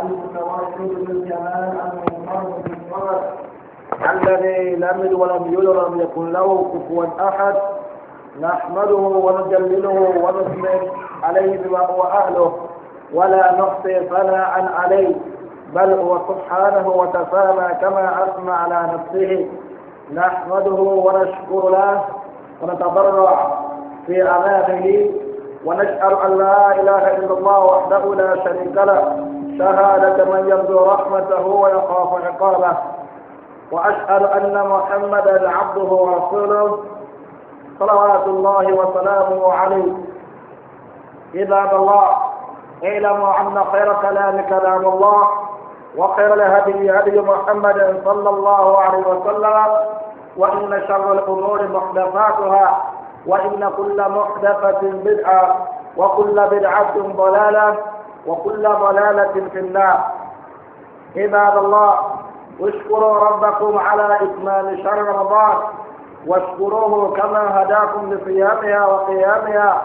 المتواصل بالجمال المنفرد بالفرد الذي لم يلد ولم يولد ولم يكن له كفوا احد نحمده ونجلله ونثني عليه بما هو اهله ولا فلا ثناء عليه بل هو سبحانه وتسامى كما اثنى على نفسه نحمده ونشكر له ونتضرع في امامه ونشهد ان لا اله الا الله وحده لا شريك له شهادة من يرجو رحمته ويخاف عقابه وأشهد أن محمدا عبده ورسوله صلوات الله وسلامه عليه عباد الله اعلموا أن خير كلام كلام الله وخير الهدي هدي محمد صلى الله عليه وسلم وإن شر الأمور محدثاتها وإن كل محدثة بدعة وكل بدعة ضلالة وكل ضلالة في النار عباد الله اشكروا ربكم على إتمام شهر رمضان واشكروه كما هداكم لصيامها وقيامها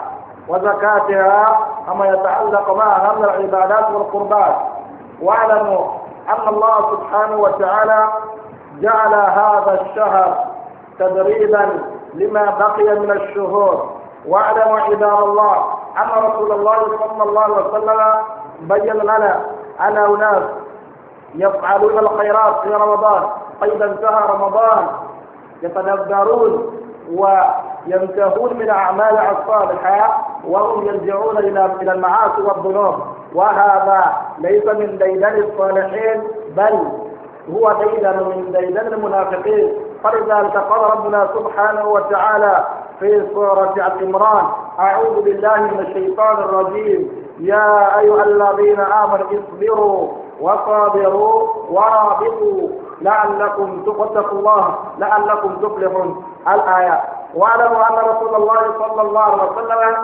وزكاتها أما يتعلق معها من العبادات والقربات واعلموا أن الله سبحانه وتعالى جعل هذا الشهر تدريبا لما بقي من الشهور واعلموا عباد الله أن رسول الله صلى الله عليه وسلم بين لنا أن أناس يفعلون الخيرات في رمضان فإذا انتهى رمضان يتنذرون وينتهون من أعمال الصالحة وهم يرجعون إلى إلى المعاصي والذنوب وهذا ليس من ديدن الصالحين بل هو ديدن من ديدن المنافقين فلذلك قال ربنا سبحانه وتعالى في سورة عمران أعوذ بالله من الشيطان الرجيم يا أيها الذين آمنوا اصبروا وصابروا ورابطوا لعلكم تقتقوا الله لعلكم تفلحون الآية واعلموا أن رسول الله صلى الله عليه وسلم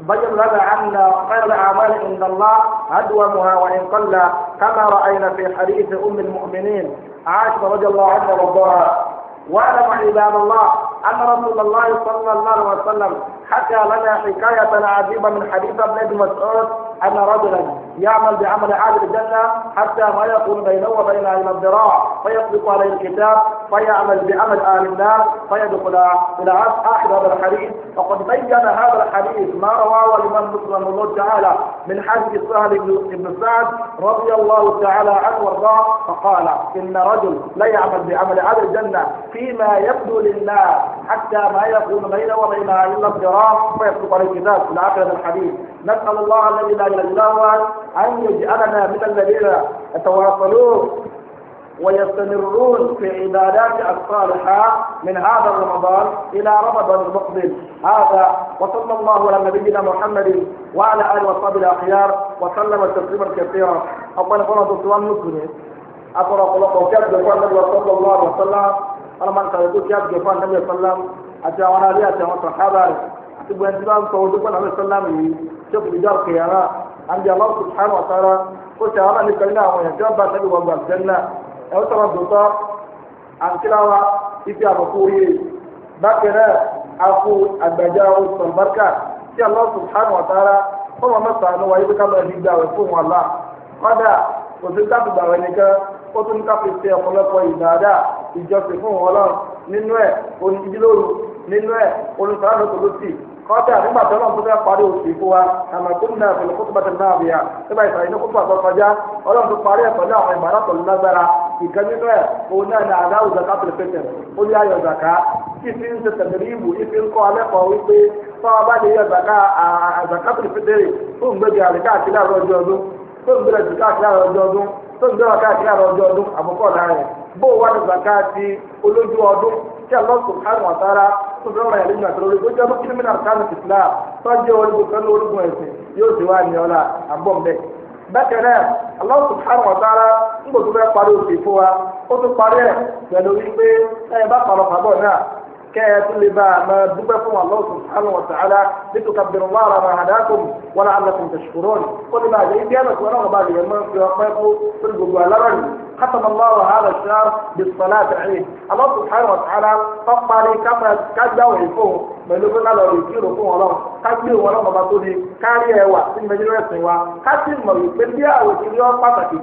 بين لنا أن خير الأعمال عند الله أدومها وإن قل كما رأينا في حديث أم المؤمنين عائشة رضي الله عنها وارضاها واعلم عباد الله أن رسول الله صلى الله عليه وسلم حكى لنا حكاية عجيبة من حديث ابن مسعود أن رجلا يعمل بعمل عادل الجنة حتى ما يكون بينه وبينها إلا الذراع فيطلق عليه الكتاب فيعمل بعمل أهل النار فيدخل إلى آخر هذا الحديث وقد بين هذا الحديث ما رواه الإمام مسلم الله تعالى من حديث سهل بن سعد رضي الله تعالى عنه وارضاه فقال إن رجل لا يعمل بعمل عادل الجنة فيما يبدو للناس حتى ما يكون بينه وبينها إلا الذراع فيطلق عليه الكتاب إلى آخر هذا الحديث نسأل الله الذي لا إله إلا هو أن يجعلنا من الذين يتواصلون ويستمرون في عبادات الصالحة من هذا رمضان إلى رمضان المقبل هذا وصلى الله على نبينا محمد وعلى آله وصحبه الأخيار وسلم تسليما كثيرا أقول لكم هذا السؤال مسلم أقول لكم كيف جفان النبي صلى الله عليه وسلم أنا من كان يقول جفان النبي صلى الله عليه وسلم أتى وأنا لي أتى وأنا gbogbo ẹni tí wọ́n sọ ojú pọ̀ làwọn ìsọ́lámù yìí tó fi ìjọ òkè yàrá àti àwọn sùhánù ọ̀sára ó ṣe àwọn àlejò nínú àwọn èèyàn tí wọ́n bá sẹ́yìn wọn gbà jẹ́nà ẹ̀ ó sọ̀rọ̀ dòótọ́ àǹtíráwa ife àbùkù oyè bákan náà àfu àgbàjá oṣùn bárkà tí àwọn sùhánù ọ̀sára wọ́n mọ̀ mẹ́ta ní wáyé ká lọ́ọ́ nígbà rẹ̀ fún wọn lá kọ́dà kò sí gbà rẹ̀ nìkan ó tún ká ṣe ọ̀pọ̀lọpọ̀ ìdáadá ìjọsìn fún wọn lọ́rùn nínú ẹ̀ onídìlóru nínú ẹ̀ olùsọ̀rọ̀ kọ́tà nígbà tó lọ́n tó fẹ́ parí oṣù fún wa àmọ́ tó ní àfẹlẹ kó tó bá tẹ̀lé náà bìyà nígbà ìsàlẹ̀ ní kó tó àtọ́ kọjá ọlọ́run tó parí ẹ̀kọ́ náà àwọn ìmọ̀ràn tó lágbára ìkan nínú ẹ̀ òun náà ní àdá òzàká pẹ̀lẹ́pẹ̀tẹ̀ ó ní ayọ̀ zàká kí fi ń ṣe tẹ̀lé ìbò ife ń kọ́ alẹ́kọ̀ọ́ wípé fáwọn bá lè yẹ zàká pẹ̀lẹ́pẹ̀tẹ̀ tó ń gbé káàkiri àrọ̀ ọjọ́ ọdún tó ń gbé bó wà ní zakati olójú ọdún tí Allah subhanahu wa ta'ala tó fẹ́ ràn yàrá ìgbà lórí gbọ́dọ̀ kí mímínà kánú tìfìlà tọ́jú orígun pẹ̀lú orígun ẹ̀sìn yóò ti wá ní ọ̀la àbọ̀m̀bẹ̀. bákan náà Allah subhanahu wa ta'ala ń gbòdúrà parí fún wa ó tún parí ẹ̀ pẹ̀lú wípé ẹ̀ bá كيف لبا ما دبكم الله سبحانه وتعالى لتكبروا الله على ما هداكم ولعلكم تشكرون قل ما جئت يمك ورغب هذه المنصب يقف في الجوال ختم الله هذا الشهر بالصلاة عليه الله سبحانه وتعالى طبع لي كما كذا ويكون pẹ̀lú pé lálọ́ rè kírò fún ọlọ́run ká gbé òun ọlọ́run ọba tó ní kárí ẹ wà sí mẹjọ ẹ̀sìn wa ká sì mọ̀ wípé bí àwọn ìṣẹ̀lẹ̀ ọ́ pàtàkì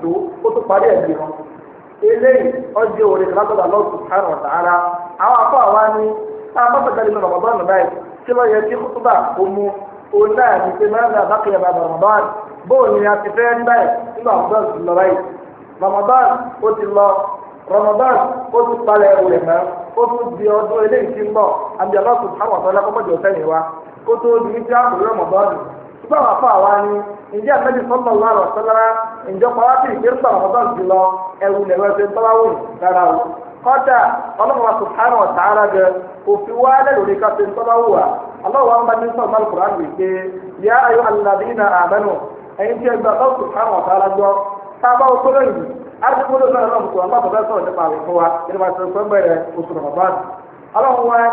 àwọn afọ àwa ni abábàtàlì mi rọ̀bọ̀ bọ́ọ̀nù báyìí tí wọ́n yẹ kí kútúbà ó mú òun náà ní pé mẹ́rin náà bá a ti fẹ́ ń báyìí nígbà rọ̀bọ̀n ti lọ báyìí rọ̀bọ̀n ó ti lọ ó ti palẹ̀ mọ́ ó tún di ọdún eléyìí tí ń bọ̀ àbí táwọn ọ̀sán wa kó tó di afọ àwa kọta. ọlọ́run subhanahu wa ta'ala gẹ òfin wa lẹ́lórí ká fi ọlọ́run wa ń bá ní pé yá wa ta'ala gbọ́ kúrò yìí ọlọ́run bá sọ̀rọ̀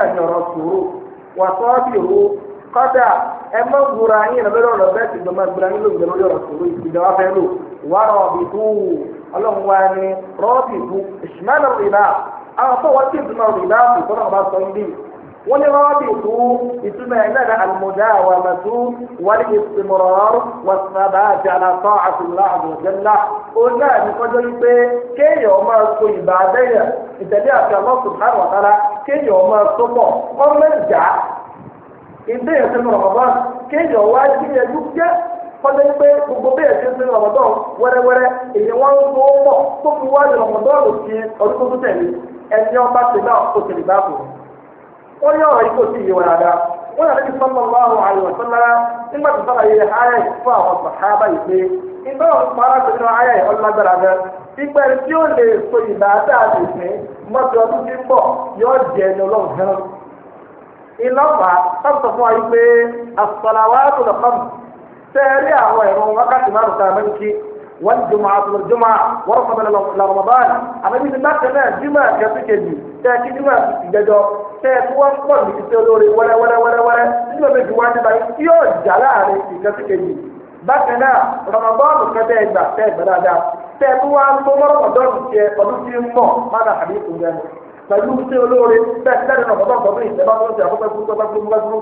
nípa wa kọ́dà ẹ má wúra yín ẹ̀rọ bẹ́ẹ̀ lọ́rọ̀ bẹ́ẹ̀ sì gbọ́n máa gbúra yín ló gbẹ lórí ọ̀rọ̀ sòrò ìgbìlẹ̀ wá fẹ́ lò wà rọ̀bì tó ọlọ́run wá ní rọ́bì tó ìṣúná rìbá àwọn tó wọ́n ti ìdúná rìbá kò tó náà bá sọ ilé wọ́n ní rọ́bì tó ìtumọ̀ ẹ̀ náà àlùmọ̀dá wà màtú wàlí ìsìmọ̀rọ̀ wà sábà àti àlàtọ́ àti àlọ́sùn káàrọ̀ ìdé ẹ̀sìn ní Ramadan kéèyàn wá sí ẹjú jẹ́ kọ́lé pé gbogbo bẹ́ẹ̀ ṣe ń sin Ramadan wẹ́rẹ́wẹ́rẹ́ èyí wọ́n ń tó mọ̀ tó fi wá ní Ramadan lò sí ọdún tó tún ọba ti náà kò tẹ̀lé bá kù. ó yẹ ọ̀rọ̀ yìí kò sí ìyẹ̀wò dáadáa wọ́n yàrá ìfọ́n mọ́ àwọn àyẹ̀wò ìlọ́fà sọ́kùtọ̀ fún wa yìí pé asọ̀làwà tó lọ fún mi sẹ́ẹ̀rí àwọn ẹ̀rọ wákàtí márùn tá a máa ń kí wọ́n jùmọ̀ àtúntò jùmọ̀ wọ́n rọ̀ fún mi lọ́mọbáàn àbẹ́bí ti bákan náà jùmọ̀ kẹsí kejì tẹ́ẹ̀kí jùmọ̀ ìjẹjọ tẹ́ẹ̀kí wọ́n pọ̀ ní ìṣe olóore wẹ́rẹ́wẹ́rẹ́wẹ́rẹ́ nígbà méjì wá nígbà yóò jà láàrin ìkẹsí kejì bákan náà rọmọbáàn kẹtẹ́ ìgbà tẹ́ẹ̀ gbẹ dáadáa tẹ́ẹ̀kí wọ́n á tó mọ́rọ̀ ọ̀dọ́ pẹ̀lú ṣé olóore bẹ́ẹ̀ lẹ́nu náà bọ́tọ̀ bọ́tọ̀ ìṣẹ́ bá tó ń ṣe àkọ́kọ́ ẹkú tó bá tó ń bá dúró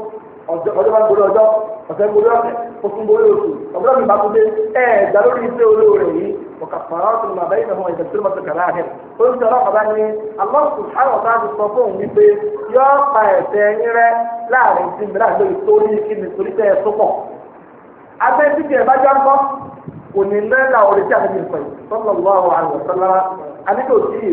ọjọ́ bá ń gbórí ọjọ́ ọ̀sẹ̀ ń gbórí ọ̀sẹ̀ oṣù ń gbórí oṣù ọ̀gbọ́n mi bá tó dé ẹ̀ ẹ̀dá lórí ṣé olóore yìí ọ̀kà fàárọ̀ tó máa bẹ́yìn náà ìṣẹ̀ tó máa tẹ̀kẹ̀ láàrin ó ń sọ̀rọ̀ ọ̀bá ní alọ́sù àwọn ọ̀tá ti sọ fún òun wípé yọ pa ẹ̀sẹ̀ yín rẹ láàrin tí mi láti lórí tó ní kí ni torí tẹ́ ẹ tó pọ̀ abẹ́ tí kì í bá já ń bọ́ kò ní lẹ́la orí tí a ti ń sọ yìí sọ́nà lọ́wọ́ àwọn àgbẹ̀ sọ́nà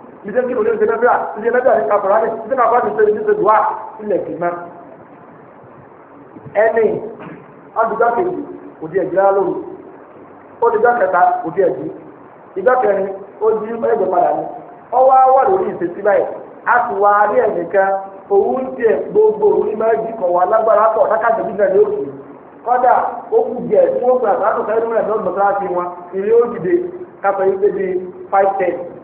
ìdílé kí olóyè ìdílé bíra ìdílé bíra ní kakura ní ìdílé kakura ní sẹ́yìn ní sẹ́dùá ilẹ̀ kìíma. ẹni adùgbà kejì òdi ẹ̀jẹ̀ lóru odùgbà kẹta òdi ẹ̀jẹ̀ ìgbà kẹrin odi ẹgbẹ̀ padà ní ọwọ́ awọ́ lórí ìṣesí báyìí a sì wá rí ẹ̀nìkan òun tiẹ̀ gbogbo òun ní máa kọ̀ wá lágbára lákàtà òkè kọ́dà ó kù jẹ́ sẹ́yìn mẹ́rin ti wọn five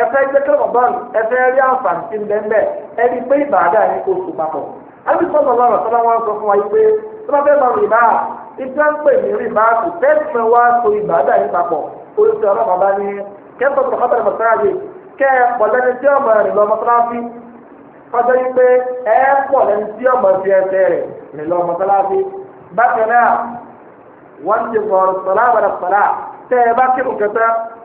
ẹfẹ gbẹkẹrẹ ọgbọn ẹfẹ rí àǹfààní sí bẹnbẹ ẹni pé ìbàdà ní oṣù papọ̀ alùpùpù ọlọ́rọ̀ lọrọ sọlá wọn sọ fún wa yìí pé tó bá fẹ́ mọ rìbá ìgbà ń pè ní rìbá kò tẹsán wá so ìbàdà yìí papọ̀ oṣù ọlọ́rọ̀ bá ní kẹfọ tó kọtà lọ sáàyè kẹ ẹ pọ lẹni tí ọmọ rẹ lọ mọ́sálásí kọjá yìí pé ẹ pọ lẹni tí ọmọ fi ẹsẹ̀ rẹ rẹ lọ mọ́sálásí bákan náà wọn ti sọ̀rọ̀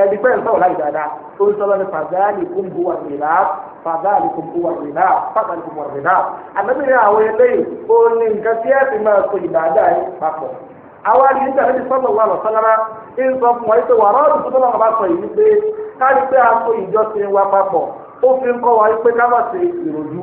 ẹni pẹ́ ìfẹ́ ọ̀la ìdàdà ó ń sọ́lọ́ ní fàdáàlì kún bu àrìnà fàdáàlì kún bu àrìnà fàdáàlì kún bu àrìnà ànábìrin àwọn eléyìí ó ní nǹkan tí ẹ fi máa so ìdàdà yìí papọ̀ àwọn àdìyí tí a lè sọ́dọ̀ wà lọ sọ́lára ń sọ fún wa yìí pé wà rọ́ọ̀dù tó lọ́wọ́ bá sọ yìí pé káàdì pé a so ìjọsìn wa papọ̀ ó fi ń kọ́ wa yìí pé ká má ṣe ìròjú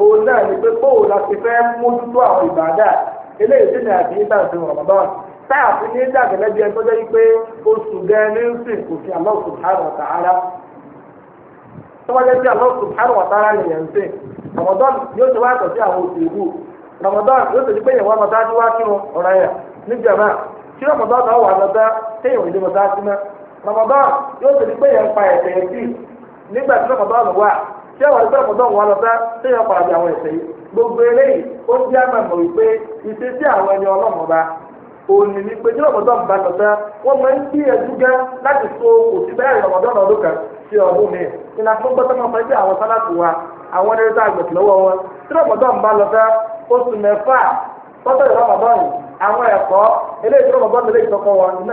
òun náà ni pé bóòlù la ti fẹ́ mójútó àwọn ìbàdà eléyìí sì ní àbí nígbà tó rọmọdán táàfin ní dàgẹ́lẹ́ bí ẹni tó jẹ́ wípé oṣù gẹ́ẹ́ni ń sìn kò sí Allah subhanahu wa ta'ala tó wáyé sí Allah subhanahu wa ta'ala nìyẹn ń sìn rọmọdán yóò ti wá tọ̀sí àwọn oṣù ìlú rọmọdán yóò ti di pé ìwà mọ̀tájú wá kírun ọ̀rọ̀ yẹn níjàmá tí rọmọdán náà wà lọ́dá téèyàn ìdí mọ̀tájú náà rọmọdán yóò ti di pé ìyẹn pa tí àwọn àgbẹ̀ ọ̀pọ̀ náà wọn lọ sá téèyàn pàdé àwọn ẹ̀sẹ̀ gbogbo eléyìí ó jẹ́ àmàmọ̀ wípé ìṣesí àwọn ẹni ọlọ́mọ bá òní ní pé tí ọ̀pọ̀dọ̀ ń bá lọ sá wọ́n máa ń gbìyànjú gan láti so òsì bẹ́ẹ̀ sí ọdún mi fún gbọ́dọ̀ máa fẹ́ àwọn wa àwọn ẹni tá a gbẹ̀tì lọ́wọ́ wọn tí bá lọ sá oṣù mẹ́fà tọ́tọ̀ ìrọ̀mọ̀dọ̀ yìí àwọn ẹ̀kọ́ eléyìí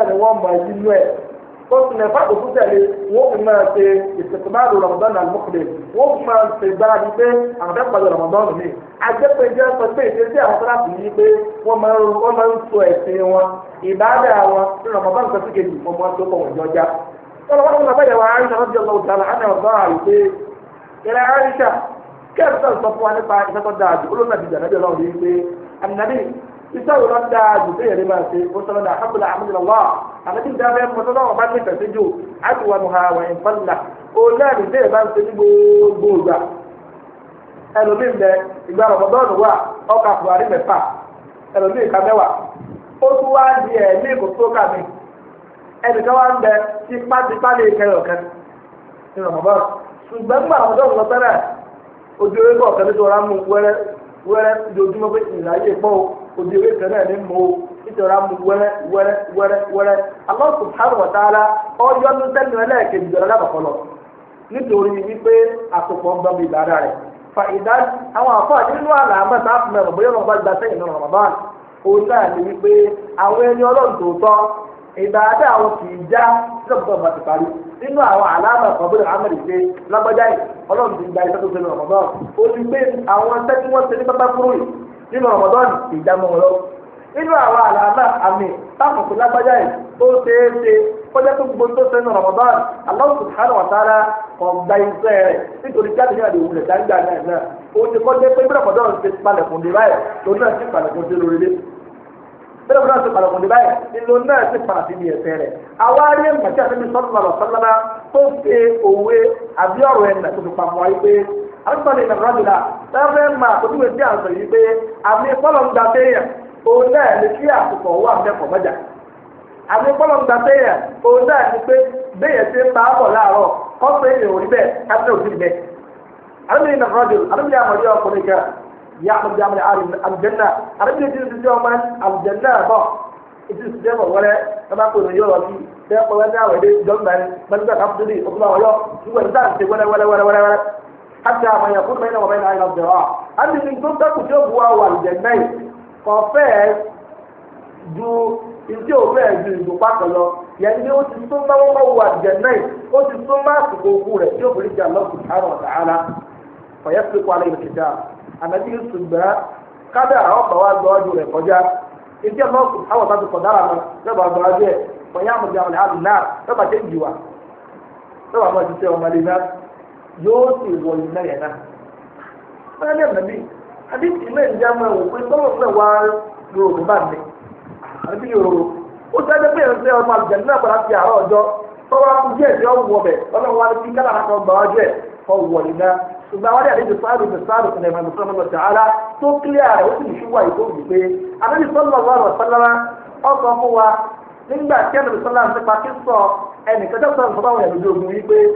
tí lè tó tilẹ̀ fáàbù tó tẹ̀lé wọ́n fi máa ṣe ìsèkùmáàlù rọ̀mọ̀dán náà mọ́kìlẹ̀ wọ́n fi máa ṣe gbáradì pé àwọn fẹ́ pàdé rọ̀mọ̀dán mi. àjẹpẹ́ jẹ́ sọ pé ìṣesí àwọn sáláàpù yìí pé wọ́n máa ń sọ ẹ̀sìn wọn ìbáàdà wọn ní rọ̀mọ̀dán sọ sí kejì wọ́n máa ń tó pọ̀ wọ́n jọjá. wọ́n lọ́wọ́ fún abẹ́yẹ̀wò àárín náà rọ́bì ọlọ́wọ́ tààlà àná ọ̀gbọ́n àìpé ìrẹ́ àárín ṣà kẹ́ẹ̀sán sọ fún wa nípa ìfẹ́tọ́ dáadé olóńgbà ti jà nábì ọlọ́run yìí pé àmì iṣẹ́ òun náà dáa jù bẹ́ẹ̀ ni máa sọ na àkàbùlà àmúlùmọ́ àmọ́tí ìdá bẹ́ẹ̀ mọ́tò náà bá ní fẹ̀sẹ̀ jù àtiwà nùhà wà ń fọ́nà òun náà ní bẹ́ẹ̀ gbogbo ìgbà ẹlòmíì bẹ ìgbà rọ̀mọdọ́ọ̀nù wà ọkà fúwárí ṣùgbọ́n gbà ojú òbí ewé kan náà ní mọ́ o nítorí àmú wẹ́rẹ́ wẹ́rẹ́ wẹ́rẹ́ wẹ́rẹ́ Allah subhanahu wa ta'ala ọjọ́ ní sẹ́nu ẹlẹ́ẹ̀kejì jọ̀rọ̀ lábàkọ́ lọ nítorí wípé àtòpọ̀ ń bọ́mí ìbára rẹ̀ fa ìdá àwọn àfáà nínú àlà àmọ́ta àfúnmẹ́rọ̀ bóyá wọn bá gba sẹ́yìn náà Ramadan òun náà ní wípé àwọn ẹni ọlọ́run tòótọ́ ìbáadá àwọn kì í já sílẹ̀kùtọ̀ ọ̀gbà ti parí nínú àwọn àlámà kọ̀ọ̀bùrù amẹ́rì ṣe lágbájá yìí ọlọ́run ti gba iṣẹ́ nínú ọmọdọ́nì ìjámọ́ wọn lọ́wọ́ nínú àwọn àlàáfà àmì táwọn kò lágbájá yìí ó ṣeé ṣe kọjá tó gbogbo tó sẹ́nu rọmọdọ́nì Allah subhanahu wa ta'ala ọ̀gbà iṣẹ́ rẹ̀ nítorí jáde ní àdéhùn rẹ̀ dáńgbà náà náà ó ti kọ́ dé pé bí rọmọdọ́nì ṣe palẹ̀ fún mi báyìí lòun náà ti palẹ̀ fún mi lórí lé bí rọmọdọ́nì ṣe palẹ̀ fún mi báyìí ni lòun náà ti palẹ̀ sí mi ẹ̀fẹ́ rẹ̀ àwa rí ẹ̀mọ̀tí àti mi sọ́dún fẹ́fẹ́ máa àpòtúwèé sí àǹsọ̀ yìí pé àmì pọ́lọ́ǹgbà téèyàn òun náà lè kí àkùkọ̀ wà mẹ́kọ̀ọ́ mọ́jà àmì pọ́lọ́ǹgbà téèyàn òun náà ni pé béèyàn ti ń máa bọ̀ láàárọ̀ kọ́pẹ́ èèyàn ò rí bẹ́ẹ̀ káfíńtà ò sí rí bẹ́ẹ̀. àdúgbò yìí nàfọ́ jù àdúgbò yìí àmọ̀jọ́ ọkùnrin kan yà àmọ̀jọ́ àmọ̀jọ́ àlùjẹ́nà àdúgbò yìí ti ti ọmọ àlùjẹ́nà bọ̀ ìtì ìsìtẹ́ bọ̀ wọlé bàbá kò hata àwọn yẹn fún bẹ́ẹ̀ wọ́n náà lọ́dọ̀ ọ́ àti ní tó dẹ́kun tí ó bu àwọn àlùjẹ̀mẹ́ yìí kàn fẹ́ẹ́ ju ìdí òfẹ́ ju ìdù pàtó lọ yẹn ní ó ti tún máa wọ́n wọ àlùjẹ̀mẹ́ yìí ó ti tún máa sùkò òkú rẹ̀ tí ó fi jà lọ́kùn àrùn ọ̀tàhánà ọ̀yẹ́ ti kọ́ alẹ́ ìrìkìtà àmẹ́tí ní ṣùgbọ́n kádà àwọn bàbá wa gbọ́ ọdún rẹ̀ kọjá yóò sì wọ iná yẹn náà ni ní ẹ̀mẹ́bí àdìsí náà ń já máa wò pé tọ́lọ̀ náà wá yorùbá bá mi àbí yorùbá ó ti ẹgbẹ́ pẹ̀lú ṣe ọmọ àgbẹ̀ náà padà fi àárọ̀ ọjọ́ tọ́lọ̀ kú díẹ̀ tí wọ́n wọ̀ bẹ̀ ọlọ́run wá ní kí kálá kan gbà wájú ẹ̀ kọ́ wọ̀ iná ṣùgbọ́n àwọn àdéhùn sáàdù ní sáàdù ní ẹ̀mọ̀ nípa ọmọ tààrà tó kílíà rẹ̀ ó sì ṣú wà ìkó yìí pé àdéhùn sọ́lọ́ wà rọ̀ sálára ọkọ̀ fún wa nígbà tí ẹ̀mọ̀ sọ́lá ń nípa kí sọ ẹnìkan tó sọ̀rọ̀ fọ́báwọn ẹ̀mí ogun yìí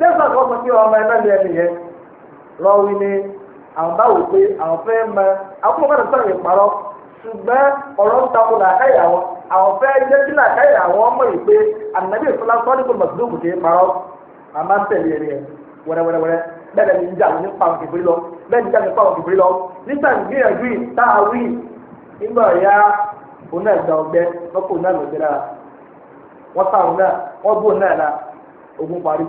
lẹ́sàn kan sọ pé ọmọ ẹ mẹ́lẹ̀ ẹni yẹn lọ wí ni àwọn bá wò pé àwọn fẹ́ mọ àwọn fún ọmọdé sọ̀rọ̀ ìparọ́ ṣùgbọ́n ọ̀rọ̀ ń takò làákàyè àwọn àwọn fẹ́ jẹ́ kí làákàyè àwọn ọmọ yìí pé ànàbí sọ́ọ́ nípa àmà ń tẹ̀lé ẹni yẹn bẹ́ẹ̀ ni ní pa lọ bẹ́ẹ̀ ní pa lọ nígbà wí ya òun náà gba ọgbẹ́ lọ́kùnrin náà lọ́gbẹ́ lára wọ́n sáwọn náà wọ́n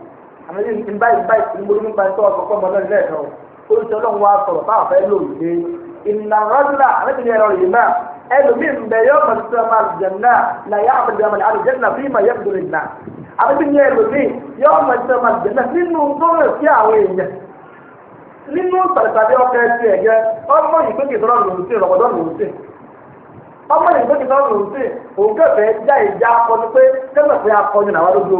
àmì ní báyìí báyìí tí mo ní nípa ìtọ́ ọ̀kọ̀ọ̀kọ̀ ọmọ náà lẹ́ẹ̀kan o oríṣi ọlọ́run wa sọ̀rọ̀ táwọn fẹ́ lò wípé ìnàrọ́dúnà àmì ní ẹ̀rọ yìí náà ẹlòmíín bẹ yọ ọmọ tuntun ọmọ àlùjẹ̀nà làyà àbẹ̀dẹ̀ ọmọ àlùjẹ̀nà fún ìmọ̀ yẹ kúrò ìlà àmì ní ẹlòmíín yọ ọmọ tuntun ọmọ àlùjẹ̀nà nínú tọ́rọ̀ sí àwọn èèyàn nínú pàtàkì ọkọ̀ ẹtì ẹ̀gẹ́ ọmọ ìgbẹ́kẹ̀ tọ́rọ̀ lòdùsí rọ̀gbọ̀dọ̀ lòdùsí ọmọ ìgbẹ́kẹ̀ tọ́rọ̀ lòdùsí òun kẹfẹ́ já ìjà akọni pé kẹfẹ́ akọni làwọn lójú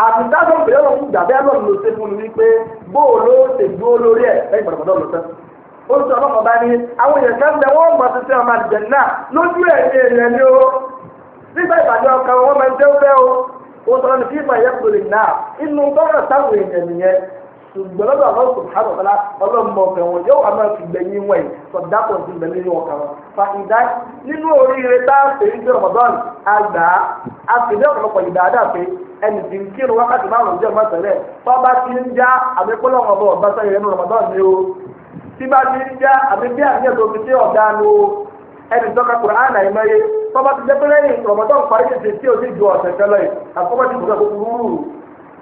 a ìbẹ̀rẹ̀ lọ fún ìgbàgbé ọlọ́run ló ṣe fún mi wípé bóòló ṣe dúró lórí ẹ̀ lẹ́yìn pọ̀lọpọ̀lọ ló ó sọ ọlọ́kọ̀ bá ní àwọn èèyàn kan wọ́n mọ̀ sí sí ọmọ àjẹ́ náà lójú ẹ̀ ní èèyàn ni ó nígbà ìbàdí ọkàn wọn máa ń jẹ́ ó fẹ́ o ó sọ ní náà inú bọ́ọ̀rọ̀ èèyàn ṣùgbọ́n lọ́dọ̀ àwọn subhanahu wa ta'ala ọlọ́mọ ọ̀fẹ́ wọn yóò àmọ́ fi gbẹ̀yìn wọn yìí sọ̀dá pọ̀ sí ìgbẹ́ nínú ọ̀kan wọn. fàìdá nínú oríire tá a fèé ní Ramadan àgbà a fèé ní ọ̀pọ̀lọpọ̀ ìdáadáa pé ẹnì tí ń kírun wákàtí márùn-ún jẹ́ ọmọ tẹ̀lé tó bá ti ń já àbíkọ́lọ́ ọ̀bọ̀ ọ̀bá sẹ́yìn nínú Ramadan ni o tí bá ti ń já àbí bí àníyàn tó fi ṣe ọ̀gá ni o ẹnì tọ́ka Kùránì àìmọye tó bá ti jẹ́ pé lẹ́yìn Ramadan parí ṣe tí o ti ju ọ̀sẹ̀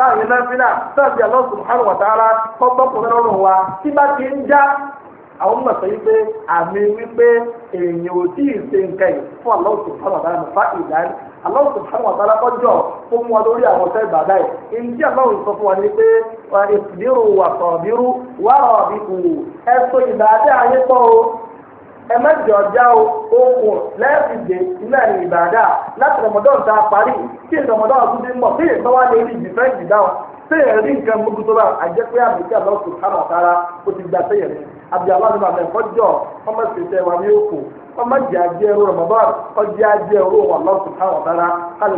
táwọn yẹn náà fi náà táwọn ti Allah subhanahu wa ta'ala kọ́gbọ́kùnrin lọ́rùn wa tí bá ti ń já àwọn mọ̀ sọ wípé àmì wípé èèyàn ò tí ì ṣe nǹkan yìí fún Allah subhanahu wa ta'ala fa ìdáni Allah subhanahu wa ta'ala kọjọ ó mú wa lórí àwọn ọ̀sẹ̀ ìbàdà yìí ìdí Allah sọ fún wa ni pé ìdírò wà sọ̀bírú wà ọ̀bí kù ẹ̀ so ayé pọ̀ ẹ má jọjá o okùn lẹ́ẹ̀fìdè ilẹ̀ ìbàdà láti rọmọdọ́ ta parí kí rọmọdọ́ ọdún ti ń bọ̀ kí ìtọ́ wa lè rí ìdìfẹ́ ìdìdáhùn sẹ́yìn rí nǹkan gbogbo tó bá àjẹ́ pé àbíkí àbá oṣù kárọ̀ sára ó ti gba sẹ́yìn rí àbí àwọn àdúrà bẹ̀ kọjọ ọmọ ìṣẹ̀ṣẹ̀ wa ní òkú ọmọ ìjẹ́ ajé ẹrú rọmọdọ́ ọjẹ́ ajé ẹrú wà lọ́sùn kárọ̀ sára kálí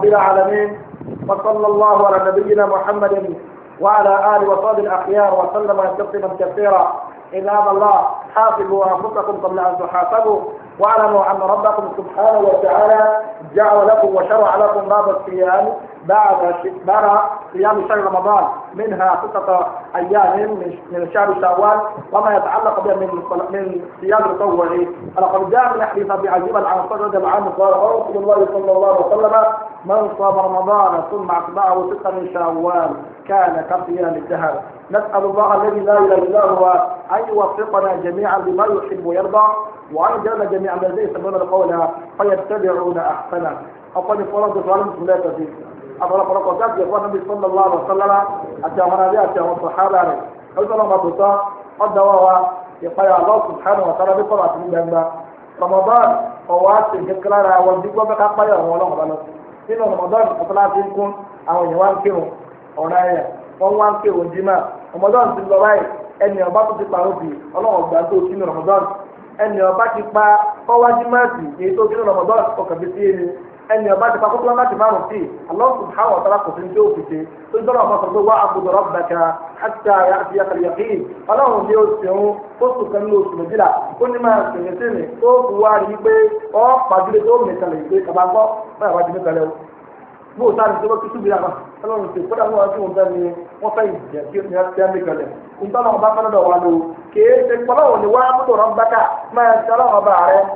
wà nínú وصلى الله على نبينا محمد وعلى آله وصحبه الأخيار وسلم تسليما كثيرا عباد الله حافظوا أنفسكم قبل أن تحاسبوا واعلموا أن ربكم سبحانه وتعالى جعل لكم وشرع لكم باب الصيام بعد بعد صيام شهر رمضان منها ستة أيام من شهر شوال وما يتعلق بها من من صيام تطوعي ولقد جاء من حديث أبي عزيز عن صدر رضي قال قال رسول الله صلى الله عليه وسلم من صام رمضان ثم أتبعه ستا من شوال كان كصيام الدهر نسأل الله الذي لا إله إلا هو أن يوفقنا جميعا لما يحب ويرضى وأن يجعلنا جميعا الذين يسمعون القول فيتبعون أحسنه أقول فرد سؤال بسم الله تزيد أقول فرد ذات يقول النبي صلى الله عليه وسلم أتاهنا بي أتاهنا الصحابة عليه أقول لهم أبوتا قد وهو يقول الله سبحانه وتعالى بقرأة من رمضان فواسل كلا لا والدقوة بقى قيام ولا غلط nínú rọmọdọ́nù mọ́sálásí ń kún àwọn èèyàn wá ń kírun ọ̀rá ẹ̀yà wọ́n wá ń kírun jimá rọmọdọ́nù ti lọ báyìí ẹni ọba tó ti pa òbí ọlọ́run gbà tó sínú rọmọdọ́nù ẹni ọba ti pa ọwájú máàtì èyí tó sínú rọmọdọ́nù ọkàn fi sí ẹni ẹni ọba ti pa kókó láti márùn sí Allah subhanahu wa ta'ala kò sí ní tí ó fi ṣe tó ń tọ́lọ̀ ọmọ sọ pé wá abudu rabbaka hatta ya'tiyaka al-yaqin ọlọ́run ni ó ṣeun tó oṣù méjìlá ó ní máa ṣèlè sí mi tó wá rí pé ọ pàdúrà tó mẹtàlẹ̀ ìgbé kaba gbọ́ báyà wá mẹtàlẹ̀ o bó o sáré tó tútù bí ara ọlọ́run ti ẹ́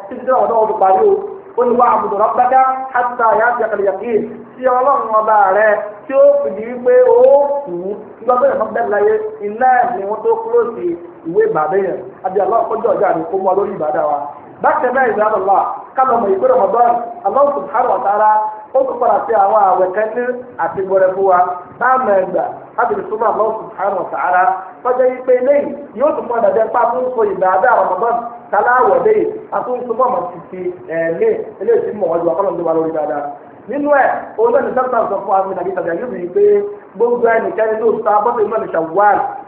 mẹkàlẹ̀ wa ó ní wá àbùdó rọ́bẹ́dá àtà yàtì àkàlẹ̀yàkì tí ọlọ́run ọba rẹ tí ó fìdí wípé ó kù nígbà tó yẹ fún bẹ́ẹ̀ láyé iná ẹ̀sìn wọn tó kúrò sí ìwé ìbàdàn yẹn àbí ọlọ́run kọjá ọjà mi kó mọ lórí ìbàdàn wa bákan náà ìgbà lọ́la kálọ̀ mọ̀ ìgbé rọ̀mọ̀dọ́n Allah subhanahu wa ta'ala ó tún padà sí àwọn àwẹ̀ kẹ́ńtì àti fún wa táàmù ẹ̀gbà láti fi súnmọ́ Allah subhanahu wa ta'ala tọ́jọ́ yìí pé lẹ́yìn yóò tún padà jẹ́ pa fún so ìgbà abẹ́ àwọn ọmọ náà kaláwọ̀ lẹ́yìn àtúnṣe fún ọmọ títí ẹ̀ẹ́mí eléyìí tí mọ̀ wọ́n ju akọ́lọ́ ní wa lórí dáadáa nínú ẹ̀ olóòtú sọ́kùnrin sọ fún àwọn ìnàbí tàbí àyè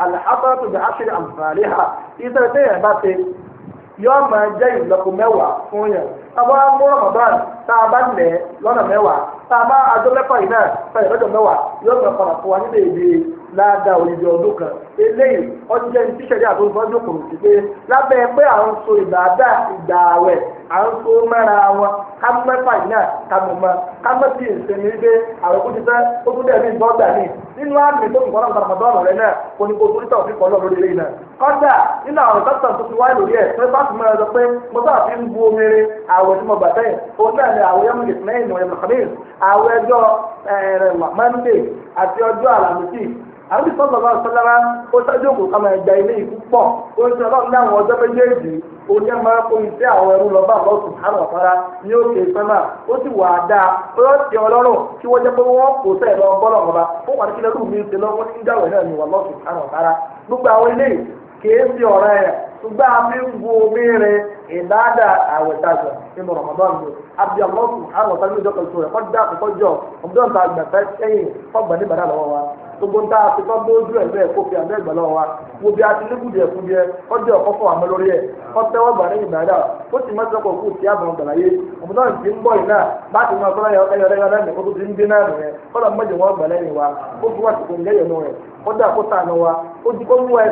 ala bi ashiri amfaniha iṣẹ́ ta bá ṣe yóò máa jẹ́ ìlọ́po mẹ́wàá fún yẹn àwọn amúrò mọ̀bán ta a bá lẹ̀ lọ́nà mẹ́wàá tá a bá adó mẹ́fà yìí náà fẹ̀yẹ̀ lọ́jọ́ mẹ́wàá yóò máa fara fún wa kan kò pé pé à ń so à ń kó mẹ́ra wọn ká mẹ́fà náà ká mọ̀ mọ́ ká mọ́ sí ìsinmi pé àwọn kò ti fẹ́ ó tún dẹ̀ ní ìgbọ́ gbà ní nínú àmì tó ń kọ́ lọ́nà ọ̀dọ́ọ̀nù rẹ náà kò ní kó torí tàwọn fífọ́ lọ́wọ́ lórí ilé náà. kọ́dà nínú àwọn tọ́tàn tó ti wáyé lórí ẹ̀ pé bá tún mẹ́ra sọ pé mo sáà fi ń bu omi rin tí mo gbà sẹ́yìn òun náà ni àwẹ̀ yẹn mú ìsìn lẹ́yìn ìwọ̀n ìmọ̀kànlẹ́yìn àwẹ̀ ọjọ́ ẹ̀rẹ̀ eh, mọ́ndé àti ọjọ́ àlàmísì àbí sọ́dọ̀ bá sọ́dọ̀rà ó sájú òkú kama ẹ̀dá ilé ikú pọ̀ ó ń sọ lọ́nà àwọn ọjọ́ méjèèjì ó ní ẹ̀ma kó iṣẹ́ àwọn ẹrú lọ́ba lọ́sùn àrùn ọ̀fara ní òkè sọ́mà ó sì wà á dáa ó yọ ti ọlọ́rùn kí wọ́n jẹ́ pé wọ́n kò sẹ́ẹ̀ lọ bọ́lọ̀ ọba ó wà ní kí lẹ́rú mi ṣe lọ́wọ́ ní ìdáwọ̀ náà ní wà lọ́sùn àrùn ọ̀fara gbogbo àwọn ilé a ń wo omi rẹ̀ ìdáadáa àwẹ̀ tàṣà àbí gbogbo ń tá a ti tọ́ lójú ẹ̀ bẹ́ẹ̀ kó fi àmì ẹ̀gbẹ́ wa wo bí a ti ní gùdìẹ̀ fún yẹ ọjọ́ ọ̀kọ́ fún àmì lórí ẹ̀ ọtẹ́wọ́ gbà ní ìgbàdà ó sì máa sọ̀kọ̀ kú sí àbọ̀n gbàláyé ọ̀bùdó na ti ń bọ̀ yìí náà bá ti máa náà nìyẹn wa ti ń ó mú wa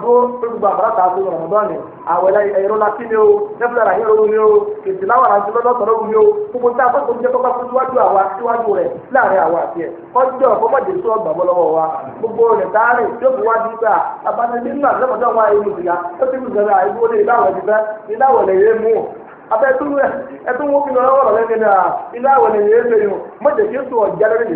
dúró fún gbogbo àbúrò àtàkùn ní ọ̀rọ̀mọdán ni àwẹ̀ o nẹ́fúlẹ̀ rà yẹn lóru o kìtì na àti lọ́dọ̀tọ̀ lóru ni o gbogbo tá a fẹ́ tóbi jẹ́ kọ́kọ́ fún síwájú àwa síwájú rẹ̀ láàrin àwa àti ẹ̀ kọ́jọ́ kọ́mọ̀dé tó ọgbà wa gbogbo rẹ̀ táàrin tó fi wá dígbà abanilé náà lọ́mọdé wa èyí ìgbìyà ó ti gbìyànjú àìgbó ní ìdáwọ̀ ti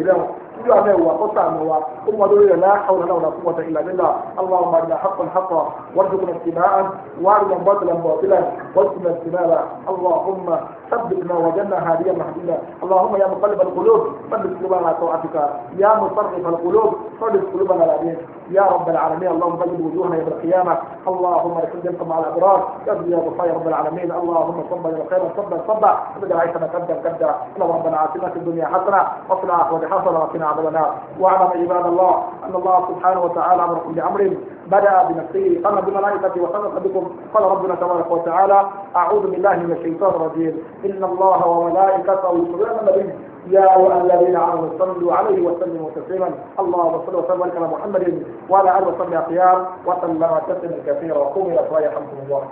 fẹ́ يا عليه وقطع موا ثم دوري لا حول ولا قوة إلا بالله اللهم أرنا حقا حقا وارزقنا اتباعا وارنا باطلا باطلا وارزقنا اجتنابا اللهم ثبتنا وجنا هاديا مهدينا اللهم يا مقلب القلوب ثبت قلوبنا على طاعتك يا مصرف القلوب ثبت قلوبنا على دينك يا رب العالمين اللهم بيض وجوهنا يوم القيامة اللهم لكل مع الأبرار تبدي يا بخير رب العالمين اللهم صبر خيرا صبر صبر ابدا عيسى كبدا كبدا اللهم ربنا آتنا في الدنيا حسنة وفي الآخرة حسنة وقنا عذاب النار واعلم عباد الله أن الله سبحانه وتعالى أمر كل أمر بدأ بنفسه قام بملائكته وخلق بكم قال ربنا تبارك وتعالى أعوذ بالله من الشيطان الرجيم إن الله وملائكته يصلون على النبي يا أيها الذين آمنوا صلوا عليه وسلموا تسليما اللهم صل وسلم على محمد وعلى آله وصحبه قيام وسلم تسليما كثيرا وقوموا إلى صلاة يرحمكم الله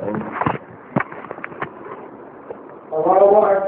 Thank نعم. you.